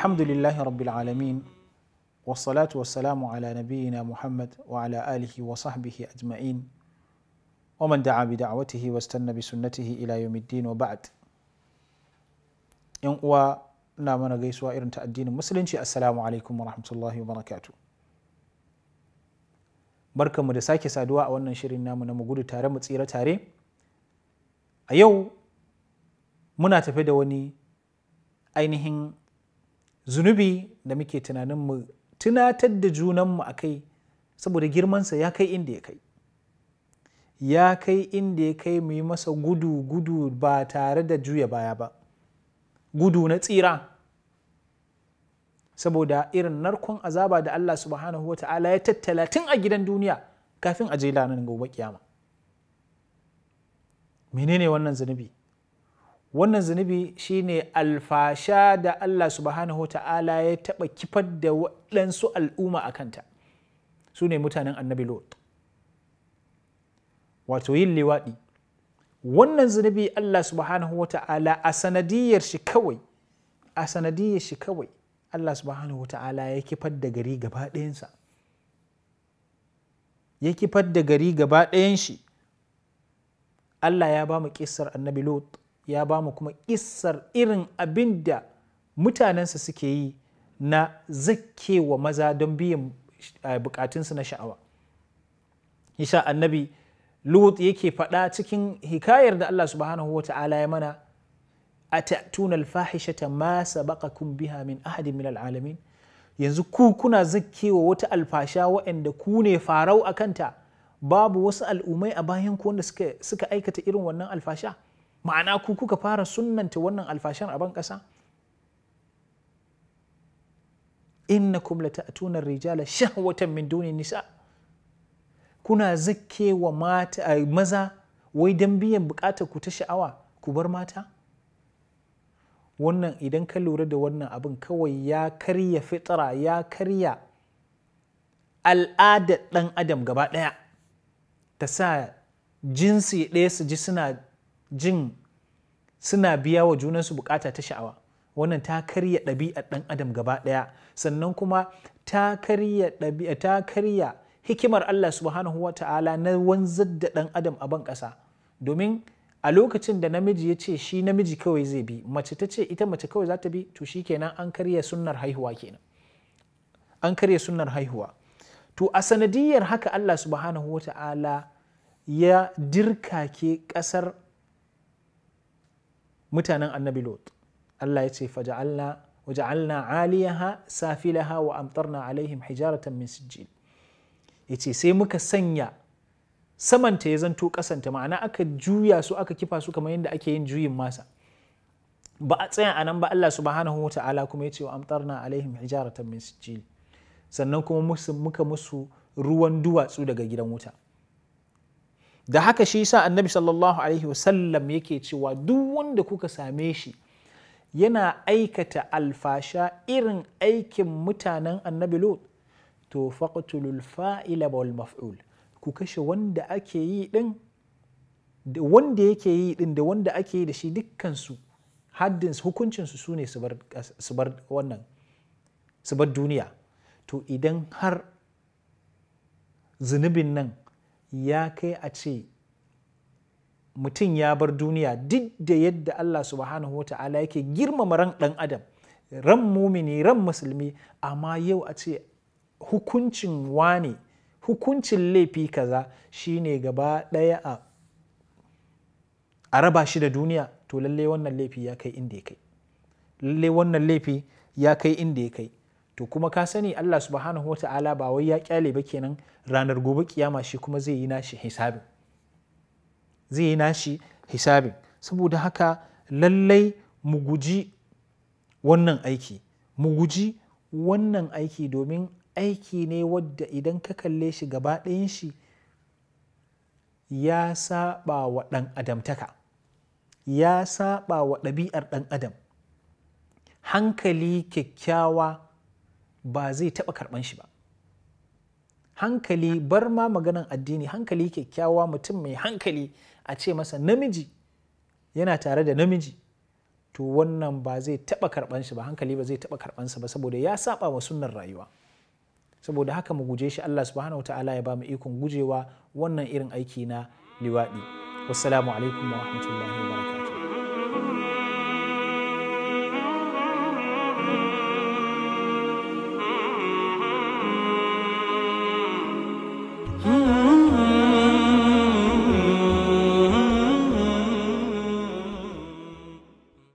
الحمد لله رب العالمين والصلاة والسلام على نبينا محمد وعلى آله وصحبه أجمعين ومن دعا بدعوته واستنى بسنته إلى يوم الدين وبعد إن و نامنا غيس وإرن تأدين مسلم السلام عليكم ورحمة الله وبركاته بركة مدساكي سادواء وأن نشرنا من مقود تارم تسيرة تاري أيو منا تفيدوني أينهن zunubi da muke tunanin mu tunatar da junanmu a kai saboda girmansa ya kai inda ya kai ya kai inda ya kai mu yi masa gudu gudu ba tare da juya baya ba gudu na tsira saboda irin narkon azaba da Allah subhanahu wa ta'ala ya tattala tun a gidan duniya kafin a je lanin gobe kiyama menene wannan zunubi wannan zunubi shine alfasha da Allah subhanahu ta'ala ya taɓa kifar da waɗansu al'umma a kanta su ne mutanen annabi lot wato yin liwaɗi wannan zunubi Allah subhanahu ta'ala a sanadiyar shi kawai a sanadiyar shi kawai Allah subhanahu ta'ala ya kifar da gari gaba ɗayansa ya kifar da gari gaba ɗayan shi Allah ya ba mu ƙisar annabi lot ya ba mu kuma issar irin abin da mutanensa suke yi na zakewa maza don biyan eh, bukatunsu na sha'awa isa annabi lut yake faɗa cikin hikayar da allah subhanahu wa ta'ala ya mana a ta'tuna alfahishata ma sabaqakum biha min ahadin min alalamin yanzu ku kuna zakkewa wata alfasha waɗanda ku ne farau a kanta babu wasu al'umai a bayan ku wanda suka aikata irin wannan alfasha ma'ana ku kuka fara sunnanta wannan alfashan a ban kumlata a tunan rijala shahwatan min duni nisa kuna zakke wa mata eh, maza wai dan biyan bukatar ku ta sha'awa ku bar mata wannan idan ka lura da wannan abin kawai ya karya fitra ya karya al'adar dan adam gaba ɗaya ta sa jinsi ɗaya su ji suna jin suna biya wa junansu bukata ta sha'awa wannan ta karya ɗabi'ar ɗan adam gaba ɗaya sannan kuma ta karya ɗabi'a ta karya hikimar Allah subhanahu wa ta'ala na wanzar da ɗan adam a ban ƙasa domin a lokacin da namiji ya ce shi namiji kawai zai bi mace ta ce ita mace kawai za ta bi to shikenan an karya sunnar haihuwa kenan an karya sunnar haihuwa to a sanadiyar haka Allah subhanahu wa ta'ala ya dirkake ƙasar mutanen annabi lot Allah ya ce faja'alna aliyaha safilaha wa amtarna alaihim hijaratan min sijjil yace sai muka sanya samanta ya zanto kasanta ma'ana aka juya su aka kifa su kamar yadda ake yin juyin masa ba a tsaya a nan ba Allah subhanahu ta'ala kuma ya ce wa amtarna alaihim hijaratan min sijjil sannan kuma muka musu ruwan duwatsu daga gidan wuta da haka shi sa annabi sallallahu alaihi wasallam yake cewa duk wanda kuka same shi yana aikata alfasha irin aikin mutanen annabi lot to faqtulul fa'ila wal maf'ul ku kashe wanda ake yi din da wanda yake yi din da wanda ake yi da shi dukkan su haddin hukuncin su sune su bar wannan su bar duniya to idan har zunubin nan ya kai a ce mutum ya bar duniya duk da yadda Allah subhanahu wa ta'ala yake girmama ran ɗan adam ran mumini ran musulmi amma yau a ce hukuncin wane hukuncin laifi kaza shine gaba ɗaya a a raba shi da duniya to lallai wannan laifi ya kai inda ya kai lallai wannan laifi ya kai inda ya kai to kuma ka sani Allah subhanahu ta'ala ba wai ya kyale ba kenan ranar gobe kiyama shi kuma zai yi nashi hisabin zai yi nashi hisabin saboda haka lallai mu guji wannan aiki mu guji wannan aiki domin aiki ne wadda idan ka kalle shi gaba ɗayan shi ya saba wa ɗan adamtaka ya saba wa ɗabi'ar ɗan adam hankali kyakkyawa ba zai taɓa karɓan shi ba hankali bar ma maganan addini hankali kyakkyawa mutum mai hankali a ce masa namiji yana tare da namiji to wannan ba zai taɓa karɓan shi ba hankali ba zai taɓa sa ba saboda ya saba wa sunnar rayuwa saboda haka mu guje shi Allah subhanahu ta'ala ya ba mu ikon gujewa wannan irin aiki na liwaɗi wassalamu alaikum wa rahmatullahi wa barakatuh